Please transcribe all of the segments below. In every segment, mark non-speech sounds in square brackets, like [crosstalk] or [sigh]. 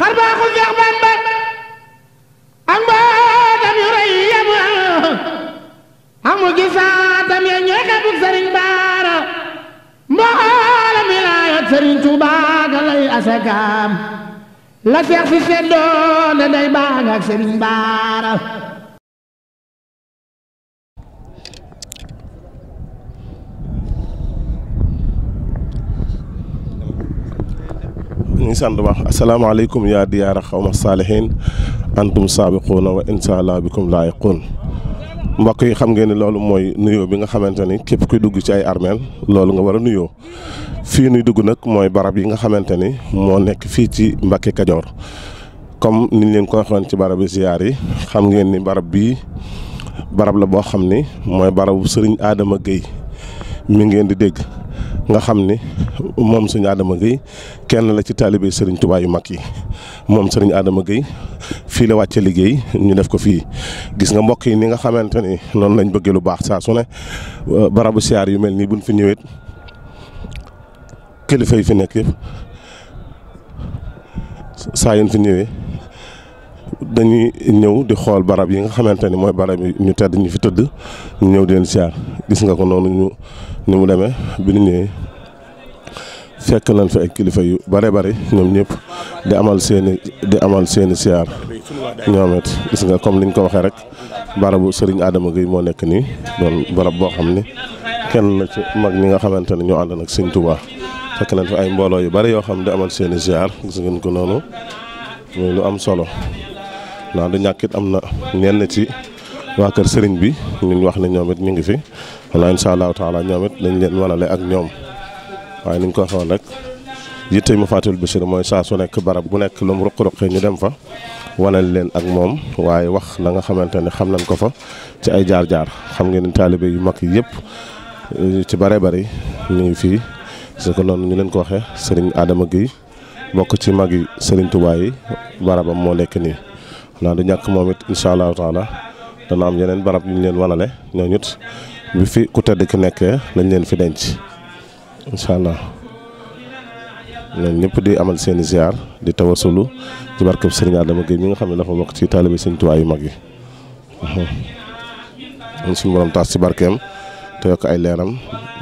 xar baaxu Seex Bamba ak mbootam yu rëy yamu amu gisaatam ya ñooy xebuk sëriñ baara mboolam wilaayat sëriñ Tuubaa ga lay asakaam la seex si seddoon da day baaga ak ñu sant baax asalaamaaleykum yaa diyaara xawma saalihin antum saabiquuna wa incha allah bikum laayiquun mbokk yi xam ngeen ne loolu mooy nuyoo bi nga xamante ni képp kuy dugg ci ay armeel loolu nga war a nuyoo fii nuy dugg nag mooy barab yi nga xamante ni moo nekk fii ci Mbacke Kajoor comme niñ leen ko waxoon ci barabu ziyaar yi xam ngeen ni barab bii barab la boo xam ni mooy barabu sëriñ Adama Guèye mi ngeen di dégg. nga xam ni moom sëñ aadama Gueye kenn la ci taalibe sëriñ Tuubaa yu mag yi moom sëriñ Adama Gueye fii la wàcce liggéey ñu def ko fii gis nga mbokk yi ni nga xamante ni noonu lañ bëggee lu baax saa su ne barabu siyaar yu mel nii buñ fi ñëwee kilifa yi fi nekk yëpp saa yéen fi ñëwee dañuy ñëw di xool barab yi nga xamante ni mooy barab yi ñu tedd ñu fi tëdd ñu ñëw di leen siyaar gis nga ko noonu ñu ni mu demee bi ñu ñëwee fekk nañ fi ay kilifa yu bare bare ñoom ñëpp di amal seeni di amal seeni siyaar ñoom gis nga comme liñ ko waxee rek barabu Serigne Adama Gueye moo nekk nii doon barab boo xam ni kenn la ci mag ñi nga xamante ne ñoo ànd nag Serigne Touba fekk nañ fi ay mbooloo yu bari yoo xam di amal seeni siyaar gis ngeen ko noonu muy lu am solo naa du ñàkk am na ñenn ci waa kër sëriñ bi ñu wax ne ñoom ñu ngi fi wala incha allahu taala ñoom dañ leen walale ak ñoom waaye ni ko waxoon rek yitte mu fàttali Bichri mooy saa su nekk barab bu nekk lu mu ruq ñu dem fa wanal leen ak moom waaye wax la nga xamante ne xam nañ ko fa ci ay jaar-jaar xam ngeen ni taalibe yu mag yëpp ci bare bari ñu ngi fii su ko noonu ñu leen ko waxee sëriñ aadama gi bokk ci mag yi sëriñ Tuubaa yi barabam moo nekk nii. naa du ñàkk moom it incha allahu taala dana am yeneen barab yu ñu leen wanale ñooñu it bi fi ku tedd ki nekkee lañ leen fi denc incha allah ñooñu ñëpp di amal seeni i ziar di tawasulu ci barkeb Serigne Adama Gueye mi nga xam ne dafa bokk ci taalibe Serigne Touba yu mag yi. ñun suñu borom taas ci barkeem te yokk ay leeram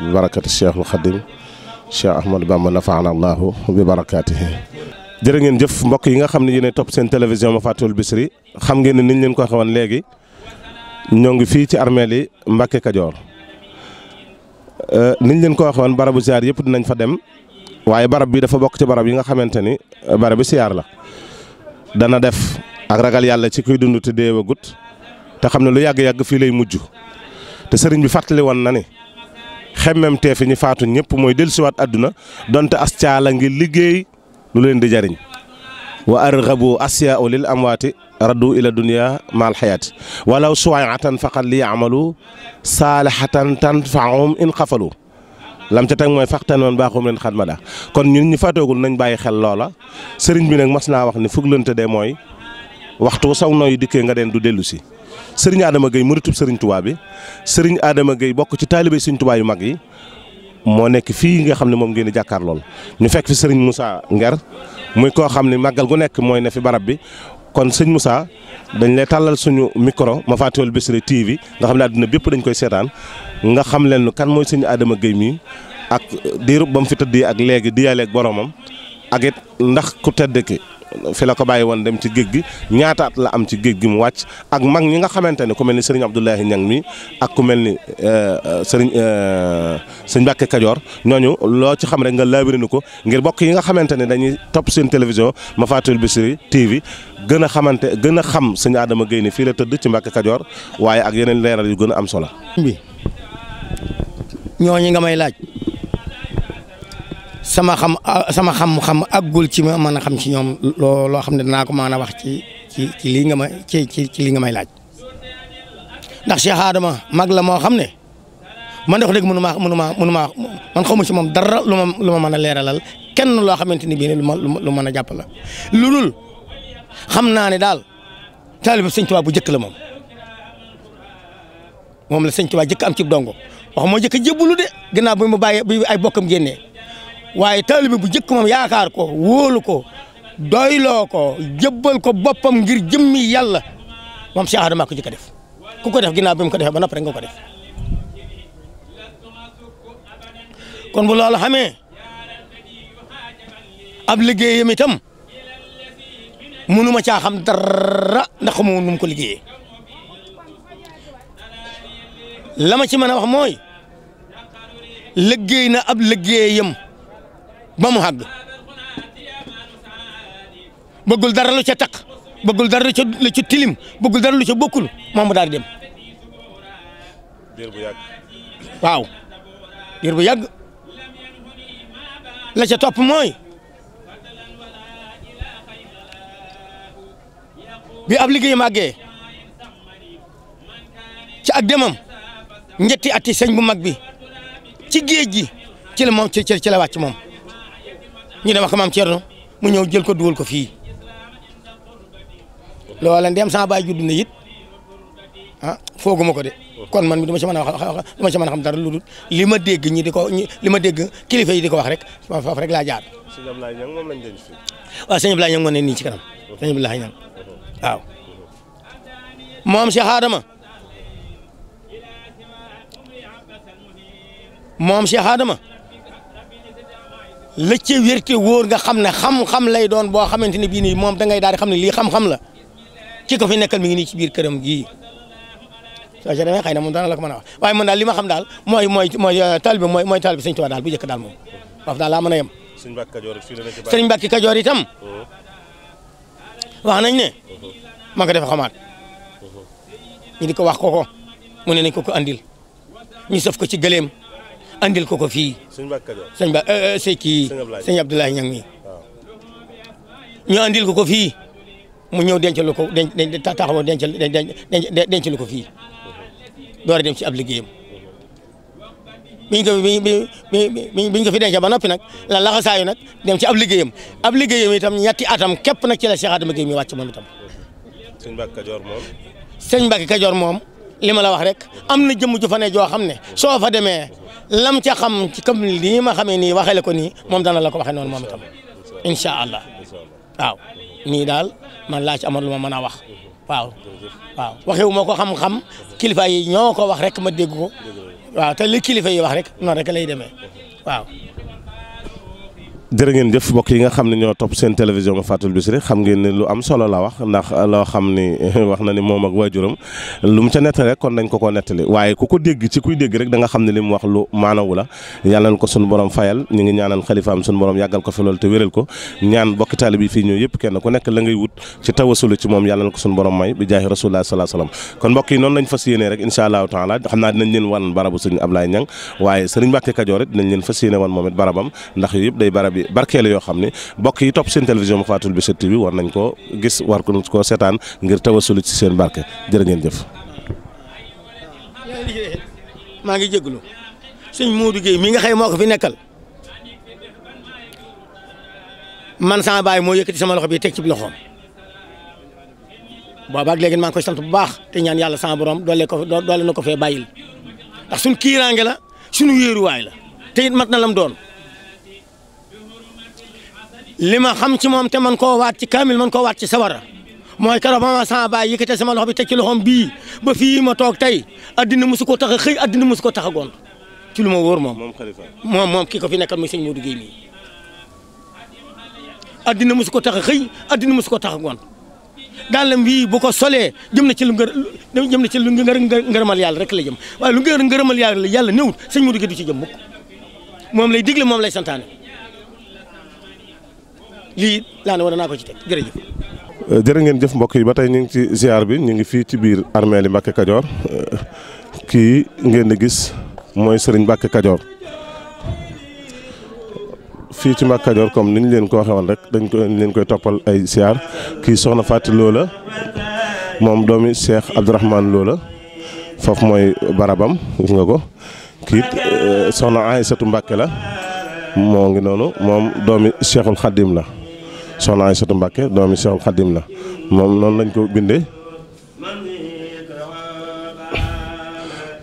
bi barakati Cheikhul Khadim Cheikh Ahmadou Bamba nafaana allahu bi barakaatihi jërë ngeen jëf mbokk yi nga xam ne yéen topp seen télévision ma fàttewul Bichri xam ngeen ne niñ leen ko waxee woon léegi ñoo ngi fii ci armeel yi Mbacke Kajoor euh, niñ leen ko waxee woon barabu ziar yëpp dinañ fa dem waaye barab bi dafa bokk ci barab yi nga xamante ni barabu ziar la dana def ak ragal yàlla ci kuy dund te deewagut te xam ne lu yàgg-yàgg fii lay mujj te sëriñ bi fàttali woon na ni xemmem fi ñi faatu ñëpp mooy dellusiwaat àdduna donte as caala ngi lu leen di jariñ wa arghabu asyaa'u lil amwaati raddu ila dunya maal xayaat walaw suwaatan faqat li ya'malu saalihatan tanfa'uhum in xafalu lam ca teg mooy faxtan woon baaxum leen xat ma daa kon ñun ñu fàttoogul nañ bàyyi xel loola sëriñ bi nag mas naa wax ni fug lante de mooy waxtu saw nooyu dikkee nga den du dellusi si sëriñ Adama Gueye muritub sëriñ Tuubaa bi sëriñ Adama Gueye bokk ci taalibe sëriñ Tuubaa yu mag yi moo nekk fii nga xam ne moom ngeen di jàkkaar lool ñu fekk fi sëriñ Moussa Nguer muy koo xam ne màggal gu nekk mooy ne fi barab bi kon sëñ Moussa dañ lay tàllal suñu micro ma fàttewul Bichri TV nga xam ne àdduna bépp dañ koy seetaan nga xam leen kan mooy sëñ aadama Guèye mii ak diirub ba mu fi tëddee ak léegi diyaaleeg boromam ak it ndax ku tedd ki fi la ko bàyyi woon dem ci géeg gi ñaata la am ci géeg gi mu wàcc ak mag ñi nga xamante ne ku mel ni sëriñ Abdoulahi Ñang mi ak ku mel ni sëriñ sëñ Mbàkke Kajoor ñooñu loo ci xam rek nga laabirinu ko ngir bokk yi nga xamante ne dañuy topp seen télévision Mafaatihul Bichri TV gën a xamante gën a xam sëñ Adama Guèye ni fii la tëdd ci Mbàkke Kajoor waaye ak yeneen leeral yu gën a am solo. ñooñu nga may laaj. sama xam sama xam-xam aggul ci ma mën a xam ci ñoom loo loo xam ne danaa ko mën a wax ci ci ci lii nga ma ci ci ci lii nga may laaj ndax Cheikh Adama mag la moo xam ne man de wax dëgg mënu maa mënu maa mënu maa man xaw ma ci moom dara lu ma lu mën a leeralal kenn loo xamante ni bii ne lu ma lu mën a jàpp la xam naa ne daal taalibu Sëñ Tuubaa bu njëkk la moom moom la Sëñ waa jëkk am ci dongo wax moo jëkk jébbalu de gannaaw bi mu bàyyee bi ay bokk bokkam génne waaye taalibe bu njëkk moom yaakaar ko wóol ko doyloo ko jëbbal ko boppam ngir jëmmi yàlla moom Cheikh Adama ko jëkk a def ku ko def ginnaaw bi mu ko defee ba noppi rek nga ko def kon bu loolu xamee ab liggéeyam itam mënuma caa xam dara ndax xamu nu mu ko liggéeyee la ma ci mën a wax mooy liggéey na ab liggéeyam. ba mu àgg bëggul dara lu ca taq bëggul dara lu ca lu ca tilim bëggul dara lu ca bokkul moom mu daal dem. diir yàgg. waaw diir bu yàgg la ca topp mooy bi ab liggéey màggee ci ak demam ñetti ati sëñ bu mag bi ci géej gi ci la moom ci ci la wàcc moom. ñu dem wax ko maam Thierno mu ñëw jël ko dugal ko fii loola ndem sama baay judd na it ah, fooguma ko de kon man mi du ma ci mën a wax du ma ci mën a xam dara li ma dégg ñi di ko li ma dégg kilifa yi di ko wax rek ma rek laa jaar. sëñ Abdoulaye Niang moom lañ denc fii. waaw sëñ Abdoulaye Niang moo ne nii ci kanam sëñ Abdoulaye Niang waaw moom moom Cheikh Adama. la ca wérte wóor nga xam ne xam-xam lay doon boo xamante ne bii nii moom da ngay daal xam ne lii xam-xam la ki ko fi nekkal mi ngi nii ci biir këram gii soo ca demee xëy na moom dana la ko mën a waaye man daal li ma xam daal mooy mooy mooy euh, taalibe mooy mooy taalibe sëñ Tuubaa daal bu njëkk daal moom foofu daal laa mën a yem sëñ Mbàkke Kajoor itam wax nañ ne ma nga def xamaat uh-huh. ñu di ko wax ko mu ne nañ ko ko andil ñu sëf ko ci gëleem andil ko ko fii sëñ ba sëñ eh, eh, kii sëñ Abdoulaye Niang mi ñu andil ko ko fii mu ñëw dencal ko denc taxawoo dencal dencal ko fii door a dem ci ab liggéeyam biñ ko bi biñ ko fi denc ba noppi nag la laxasaayu nag dem ci ab liggéeyam ab liggéeyam itam ñetti atam képp nag ci la Cheikh Adama Gueye mi wàcc moom itam. sëñ Mbacke Kajoor moom. sëñ Mbacke Kajoor moom li ma la wax rek am na jëmm ju fa ne joo xam ne soo fa demee. lam ca xam ci comme lii ma xamee nii waxee la ko nii moom dana la ko waxee noonu moom itam incha allah waaw nii daal man laa ci amoon lu ma mën a wax waaw waaw waxewu ma ko xam-xam kilifa yi ñoo ko wax rek ma dégg ko waaw te li kilifa yi wax rek noonu rek lay demee waaw jërë ngeen jëf mbokk yi nga xam ne ñoo topp seen télévision ma fàttul Bichri xam ngeen ne lu am solo la wax ndax loo xam ni [laughs] wax na ni moom ak waajuram lu mu ca nettali rek kon dañ ko ko nettali waaye ku ko dégg ci kuy dégg rek da nga xam ne li mu wax lu maanawu la yàlla ko sunu borom fayal ñu ngi ñaanal xalifaam sunu borom yàggal ko fi loolu te wéral ko ñaan bokki taalibe yi fii ñëw yëpp kenn ku nekk la ngay wut ci tawasulu ci moom yàlla na ko sunu borom may bi jaahi bi la yoo xam ne bokk yi topp seen télévision Fatul bi 7TV war nañ ko gis war ko koo seetaan ngir tawasulu ci seen barke jërë ngeen jëf. maa ngi jégalu sëñ Modou Guèye mi nga xëy moo ko fi nekkal man sama baay moo yëkkati sama loxo bi teg ci loxoom boobaag léegi maa ngi koy sant bu baax te ñaan yàlla sama borom doole ko doole na ko fee bàyyil ndax suñ kiiraange la suñu yéeruwaay la te mat na lam doon. li ma xam ci moom te man koo waat ci kaamil man koo waat ci sawara mooy keroog ba ma sama baay yëkkate sama loxo bi te ci loxoom bii ba fii ma toog tey addina musu koo tax a xëy addina musu koo tax gont ci lu ma wóor moom moom moom kii ko fi nekkal muy sëñ Modou Guèye mii tax xëy addina musu ko tax a gont dàllam bii bu ko solee jëm na ci lu ngër jëm na ci lu ngër ngërëmal yàlla rek la jëm waaye lu ngër ngërëmal yàlla yàlla néewut sëñ Modou Guèye du ci jëm mukk moom lay digle moom lay santaane lii laa ne naa ko ci teg jërëjëf. Euh, jëf mbokk yi ba tey ñu ngi ci ziar bi ñu ngi fii ci biir armeel li Mbacke Kajoor euh, kii ngeen di gis mooy sëriñ Mbacke Kajoor fii ci Mbacke Kajoor comme ni ñu leen ko waxee woon rek dañ ko leen koy toppal ay ziar kii soxna Fatou Lo la moom doomi Cheikh Abdourahmane Lo la foofu mooy barabam gis nga ko kii euh, soxna setu Mbacke la moo ngi noonu moom doomi Cheikhul Khadim la. soxna Aysatu Mbàkke doomi Seexul Xadim la moom noonu lañ ko bindee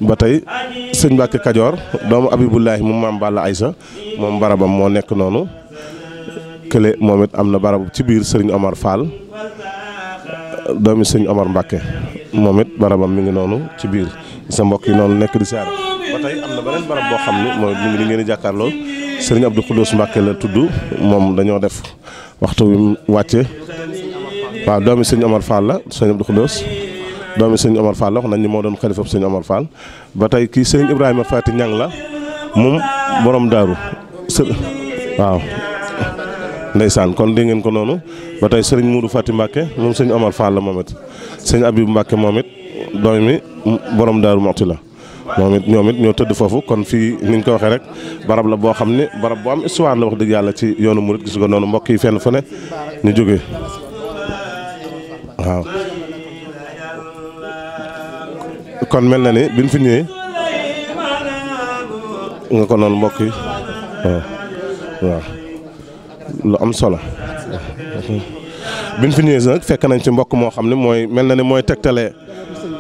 ba tey sëñ Mbàkke Kajoor doomu Abibullahi mu maam Balla Aysa moom barabam moo nekk noonu kële moom am na barab ci biir sëriñ Omar Fall doomi sëñ Omar Mbàkke moom barabam mi ngi noonu ci biir sa mbokk yi noonu nekk di siyaare ba tey am na beneen barab boo xam ne mooy mi ngi ngeen di jàkkaarloo sëriñ Abdou Khoudous Mbàkke la tudd moom dañoo def waxtu wi mu wàccee waaw doomi sëñ Omar Fall la sëñ Abdou Khoudous doomi sëñ Omar Fall la wax nañ ni moo doon xalifa sëñ Omar Fall ba tey kii sëñ Ibrahima faati Niang la moom borom daaru waaw ndeysaan kon dégg ngeen ko noonu ba tey sëriñ Moudou Faty Mbacke moom sëñ Omar Fall la moom it sëñ Abib Mbacke doomi borom daaru moxti la moom it ñoom ñoo tëdd foofu kon fii ni ñu ko waxee rek barab la boo xam ne barab boo am histoire la wax dëgg yàlla ci yoonu murit gis nga noonu mbokk yi fenn fu ne ñu jógee waaw kon mel na ni biñ fi ñëwee nga ko noonu mbokk yi waaw lu am solo biñ fi ñëwee nag fekk nañ ci mbokk moo xam ne mooy mel na ni mooy tegtale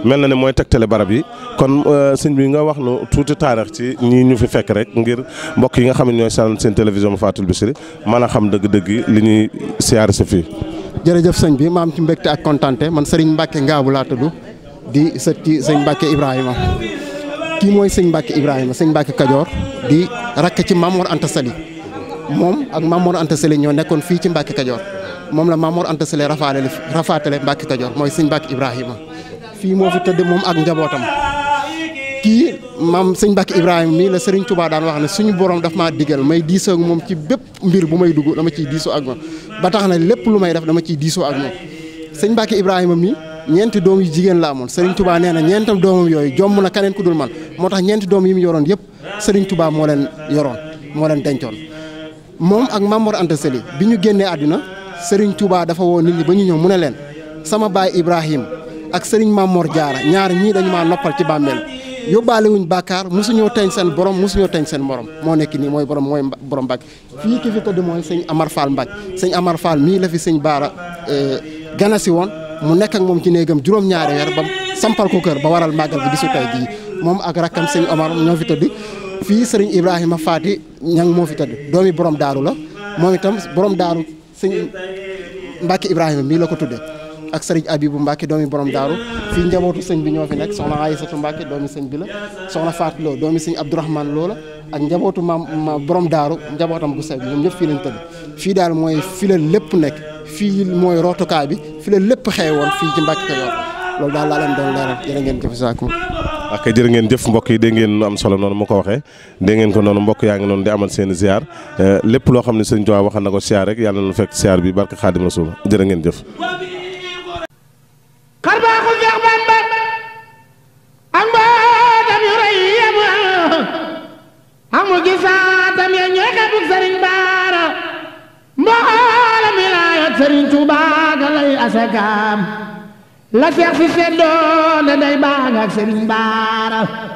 mel na ne mooy tegtale barab yi kon euh, sëñ bi nga wax nu tuuti taarix ci ñii ñu fi fekk rek ngir mbokk yi nga xam ne ñooy seetaan seen télévision ma fatul Bichri man a xam dëgg-dëgg yi li ñuy siyaar si fii. jërëjëf sëñ bi ma ci mbégte ak kontante man Serigne Mbacke Ngaabu laa tudd di sët ci sëñ Mbacke Ibrahima kii mooy sëñ Mbacke Ibrahima sëñ Mbacke Kajoor di rakk ci Mamor Anta Sali moom ak Mamor Anta Sali ñoo nekkoon fii ci Mbacke Kajoor moom la Mamor Anta Sali rafaatale rafaatale Mbacke Kajoor mooy sëñ Mbacke Ibrahima. fii moo fi tëdd moom ak njabootam kii maam sëñ Mbàkke ibrahim mii la Serigne tubaa daan wax ne suñu borom daf maa digal may diisoo ak moom ci bépp mbir bu may dugg dama ciy diisoo ak moom ba tax na lépp lu may def dama ciy diisoo ak moom sëñ Mbàkke Ibrahima nii ñeenti doom yu jigéen la amoon Serigne tubaa nee na ñeentam doomam yooyu jomm na keneen ku dul man moo tax ñeenti doom yi mu yoroon yëpp Serigne Touba moo leen yoroon moo leen dencoon moom ak Mame Mor Anta bi ñu génnee àdduna Serigne tubaa dafa woo nit ñi ba ñu ñëw mu ne leen sama baay Ibrahima ak sëriñ Mamor Diarra ñaar ñii dañu maa noppal ci bàmmeel yóbbaale wuñ mu suñoo teñ seen borom suñoo teñ seen borom moo nekk nii mooy borom mooy borom Mbàkke fii ki mooy sëñ Amar Fall Mbàkke sëñ Amar Fall mii la fi sëñ Baara euh, ganasi woon mu nekk ak moom ci néegam juróom-ñaari weer ba sampal ko kër ba waral màggal bi gisu tey jii moom ak rakkam sëñ ñoo fi tëdd fii sëriñ Ibrahima Faati ñang moo fi tëdd doomi borom daaru la moom itam borom daaru sëñ Mbàkke Ibrahima mii la ko tuddee ak sëriñ Abibu Mbàkke doomi borom daaru fii njabootu sëñ bi ñoo fi nekk soxna Aysatu Mbàkke doomi sëñ bi la soxna Faatu Lo doomi sëñ Abdourahmane Lo la ak njabootu maam borom daaru njabootam gu sew bi ñëpp fii lañ tëdd fii daal mooy fi la lépp nekk fii mooy rootukaay bi fi la lépp xewoon fii ci Mbàkke Kajoor loolu daal laa leen doon leeral jërë ngeen jëf saaku ak jërë ngeen jëf mbokk yi dégg ngeen am solo noonu mu ko waxee dégg ngeen ko noonu mbokk yaa ngi noonu di amal seen ziar eh, lépp loo xam ne sëñ Tuubaa na ko ziar rek yàlla na fekk ziar bi barke Xaadim Rasuul jërë jëf xar baa ko Seex Bamba ak mbootam yu rëy ya mu am amu gisaatam ya ñeeka bug Sëriñ Baara mboolam wilaayat Sëriñ Tuubaa ga lay asakaam la Seex si seddoo na day baag ak Baara